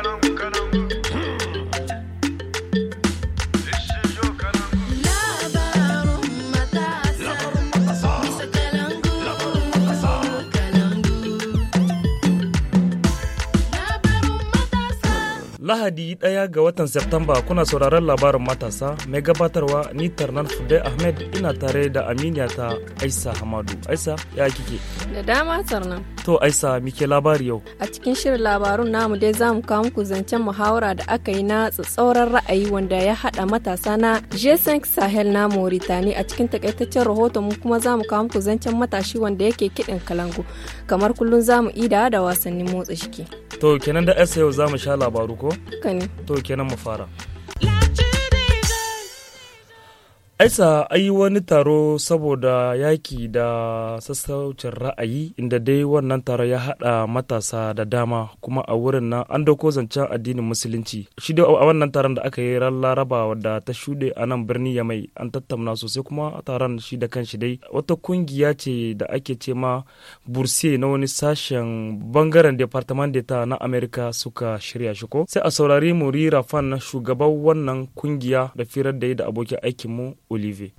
Caramba, caramba. Lahadi ɗaya ga watan september kuna sauraron labarin matasa mai gabatarwa ni Tarnan Fude Ahmed ina tare da Aminiya ta Aisa Hamadu. Aisa ya kike? Da dama Tarnan. To Aisa muke labari yau. A cikin shirin labarun namu dai za mu kawo muku zancen muhawara da aka yi na tsatsauran ra'ayi wanda ya haɗa matasa na G5 Sahel na Mauritania a cikin takaitaccen rahoton mu kuma za mu kawo muku zancen matashi wanda yake kiɗin kalangu. Kamar kullum za mu ida da wasannin motsa jiki. To kenan da asa yau za mu sha labaru ko? To kenan mu fara. aisa ayi wani taro saboda yaki da sassaucin ra'ayi inda dai wannan taro ya hada matasa da dama kuma a wurin nan an dauko zancen addinin musulunci shi da a wannan taron da aka yi ran laraba da ta shuɗe a nan birni ya mai an tattauna sosai kuma a taron shi da kanshi dai wata kungiya ce da ake ce ma burse na wani sashen bangaren departament ta na america suka shirya shi ko sai a saurari muri rafan shugaban wannan kungiya da firar da yi da abokin aikin mu Olive.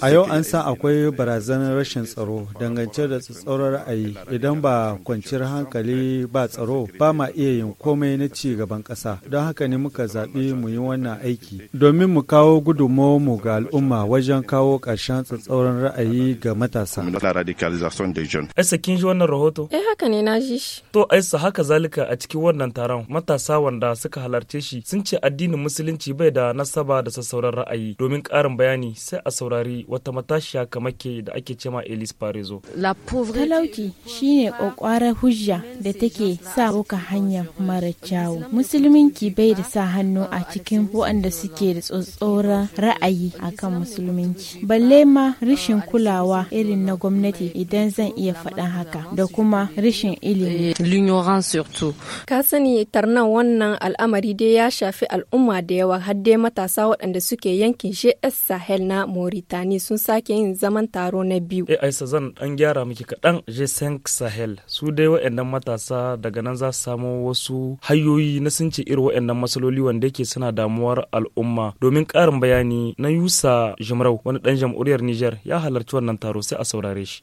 A yau an san akwai barazanar rashin tsaro dangance da tsaron ra'ayi idan ba kwanciyar hankali ba tsaro ba ma iya yin komai na ci gaban kasa Don haka ne muka zaɓi mu yi wannan aiki domin mu kawo mu ga al'umma wajen kawo ƙarshen tsatsauran ra'ayi ga matasa. Aisa kin ji wannan rahoto? Eh haka ne na ji shi. To Aisa haka zalika a cikin wannan taron matasa wanda suka halarce shi sun ce addinin musulunci bai da nasaba da sassauran ra'ayi domin ƙarin bayani ne sai a saurari wata matashiya ke da ake cema Elis Parezo. Talauci shine ƙwaƙwarar hujja da take sa ka hanya mara kyawu. Musulminki bai da sa hannu a cikin waɗanda suke da tsotsoron ra'ayi akan musulminci. Balle ma rashin kulawa irin na gwamnati idan zan iya faɗan haka da kuma rashin ilimi. L'ignorance surtout. Ka sani tarnan wannan al'amari dai ya shafi al'umma da yawa har dai matasa waɗanda suke yankin GS Sahel sahel na Mauritania sun sake yin zaman taro na biyu eh aisa zan dan gyara miki kaɗan g5 sahel su dai waɗannan matasa daga nan za su samo wasu hanyoyi na sun ce irin waɗannan matsaloli wanda yake suna damuwar al'umma domin ƙarin bayani na yusa jimrau wani ɗan jam'uriyar niger ya halarci wannan taro sai a saurare shi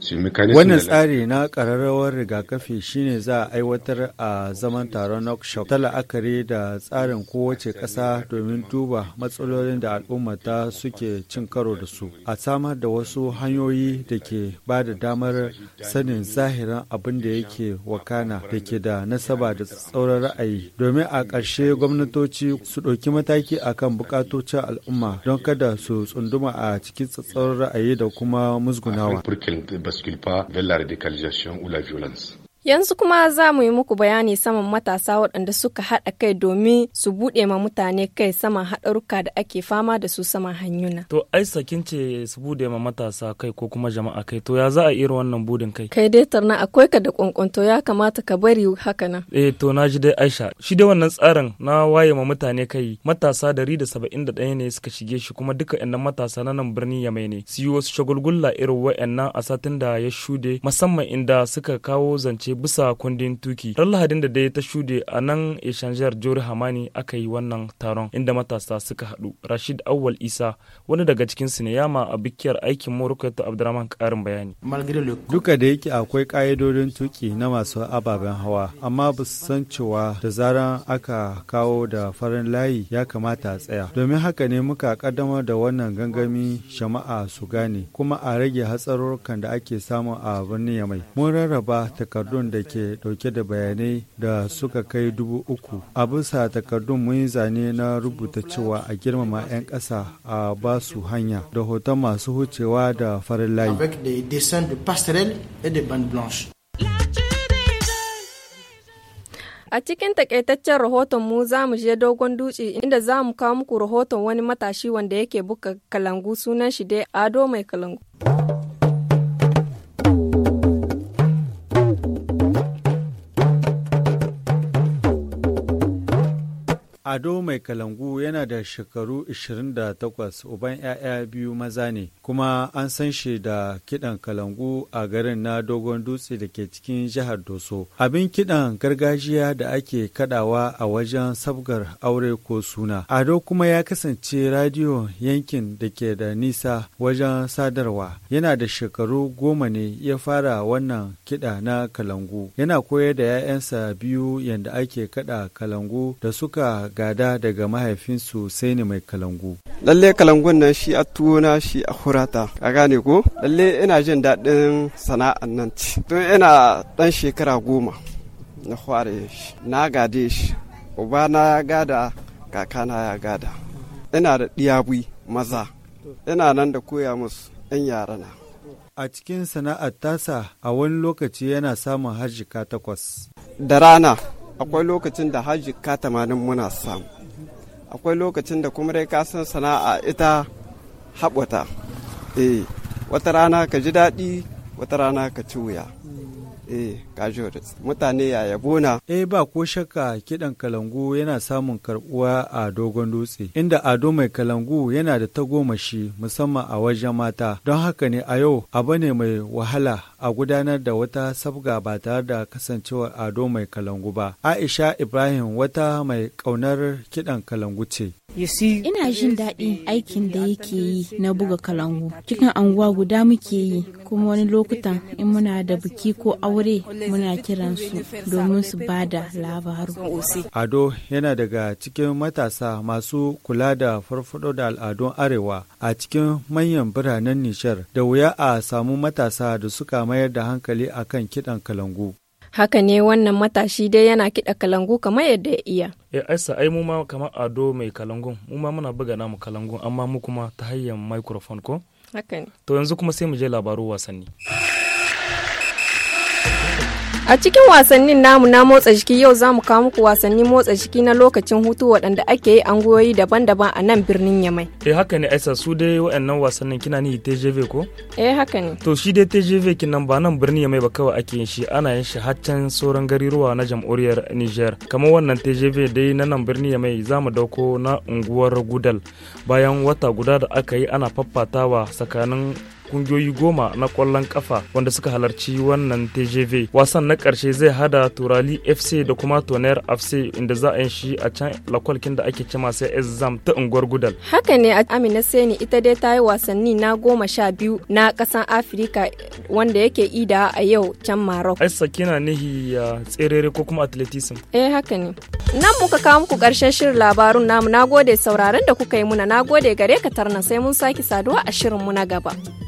wannan tsari na ƙararrawar rigakafi shine za a aiwatar a zaman taron nokshop ta la'akari da tsarin kowace ƙasa domin duba matsalolin da al'ummata suke cin cin karo da su a samar da wasu hanyoyi da ke ba da damar sanin zahirin abin da yake wakana da ke da nasaba da tsauran ra'ayi domin a ƙarshe gwamnatoci su ɗauki mataki a kan bukatocin al'umma don kada su tsunduma a cikin tsatsauran ra'ayi da kuma musgunawa. Yanzu kuma za mu yi muku bayani saman matasa waɗanda suka haɗa kai domin su buɗe ma mutane kai saman haɗaruka da ake fama da su saman hanyuna. To ai sakin ce su buɗe ma matasa kai ko kuma jama'a kai to ya za a iri wannan buɗin kai? Kai dai tarna akwai ka da to ya kamata ka bari haka nan. Eh to na ji dai Aisha shi dai wannan tsarin na waye ma mutane kai matasa dari da saba'in da ɗaya ne suka shige shi kuma duka ƴan matasa na nan birnin Yamai ne. Su yi wasu shagulgulla irin wa'annan a satin da ya shuɗe musamman inda suka kawo zance bisa kundin tuki ran lahadin da dai ta shude a nan eshanjar jori hamani aka yi wannan taron inda matasa suka haɗu rashid awwal isa wani daga cikin su ne yama a bikiyar aikin morukatu abdurrahman karin bayani duka da yake akwai ka'idodin tuki na masu ababen hawa amma ba su san cewa da zaran aka kawo da farin layi ya kamata a tsaya domin haka ne muka kaddamar da wannan gangami shama'a su gane kuma a rage hatsarurukan da ake samu a birnin yamai mun rarraba takardun takardun da ke dauke da bayanai da suka kai dubu uku. A bisa takardun mun yi zane na rubuta cewa a girmama 'yan ƙasa a basu hanya da hoton masu hucewa da farin layi. A cikin takaitaccen rahoton mu za mu je dogon dutse inda za mu kawo muku rahoton wani matashi wanda yake buka kalangu sunan shi dai Ado mai kalangu. Ado mai kalangu yana da shekaru 28 uban 'ya'ya biyu maza ne kuma an san shi da kiɗan kalangu a garin na dogon dutse da ke cikin jihar Doso. Abin kiɗan gargajiya da ake kadawa a wajen sabgar aure ko suna. Ado kuma ya kasance radiyo yankin da ke da nisa wajen sadarwa. Yana da shekaru goma ne ya fara wannan kiɗa na kalangu. Yana koyar da 'ya'yansa biyu yadda ake kada kalangu da suka ga gada daga mahaifinsu sai ne mai kalangu. Lalle kalangun nan shi a tuwona shi a hurata, a gane ko? Lalle ina jin daɗin sana'an nan ci. Tun ina ɗan shekara goma na fara shi, na gade shi, uba na ya gada, kakana ya gada. Ina da ɗiyabui maza, ina nan da koya musu 'yan na. a cikin sana'ar tasa a wani lokaci yana samun harjika takwas. Da rana akwai lokacin da haji ka tamanin muna samu akwai lokacin da kuma rai ka sana'a ita haɓata eh, wata rana ka ji daɗi wata rana ka ci wuya eh kajoris mutane ya yabo na eh ba ko shakka kidan kalangu yana samun karbuwa a dogon dutse inda ado mai kalangu yana da tagomashi musamman a wajen mata don haka ne a yau abu ne mai wahala a gudanar da wata sabga ba tare da kasancewar ado mai kalangu ba aisha ibrahim wata mai kaunar kidan kalangu ce ina jin daɗin aikin da yake yi na buga kalangu cikin anguwa guda muke yi kuma wani lokutan in muna da biki ko aure aure muna kiransu domin su ba da labaru. Ado yana daga cikin matasa masu kula da farfado da al'adun Arewa a cikin manyan biranen Nishar da wuya a samu matasa da suka mayar da hankali a kan kiɗan kalangu. haka ne wannan matashi dai yana kiɗa kalangu kamar yadda ya iya. Ya eh, aisa ai mu ma kamar ado mai kalangun mu ma muna buga namu kalangun amma mu kuma ta hanyar microphone ko? Haka ne. To yanzu kuma sai mu je labaru wasanni. A cikin wasannin namu na motsa jiki yau za mu kawo muku wasannin motsa jiki na lokacin hutu waɗanda ake yi angoyoyi daban-daban a nan birnin Yamai. Eh haka ne Aisa su dai waɗannan wasannin kina ni TJV ko? Eh haka ne. To shi dai TJV kinan ba nan birnin Yamai ba kawai ake yin shi ana yin shi haccan sauran garuruwa na jamhuriyar Niger. Kamar wannan TJV dai na nan birnin Yamai za mu dauko na unguwar Gudal bayan wata guda da aka yi ana faffatawa tsakanin kungiyoyi goma na kwallon kafa wanda suka halarci wannan tgv wasan na karshe zai hada turali fc da kuma toner fc inda za a yin shi a can lakwalkin da ake cima sai exam ta unguwar gudal haka ne amina seni ita dai ta yi wasanni na goma sha biyu na kasan afirka wanda yake ida a yau can maroc ai sakina nihi ya tserere ko kuma athleticism eh haka ne nan muka kawo muku karshen shirin labarun namu nagode sauraron da kuka yi muna na gode gare ka tarna sai mun sake saduwa a shirin mu na gaba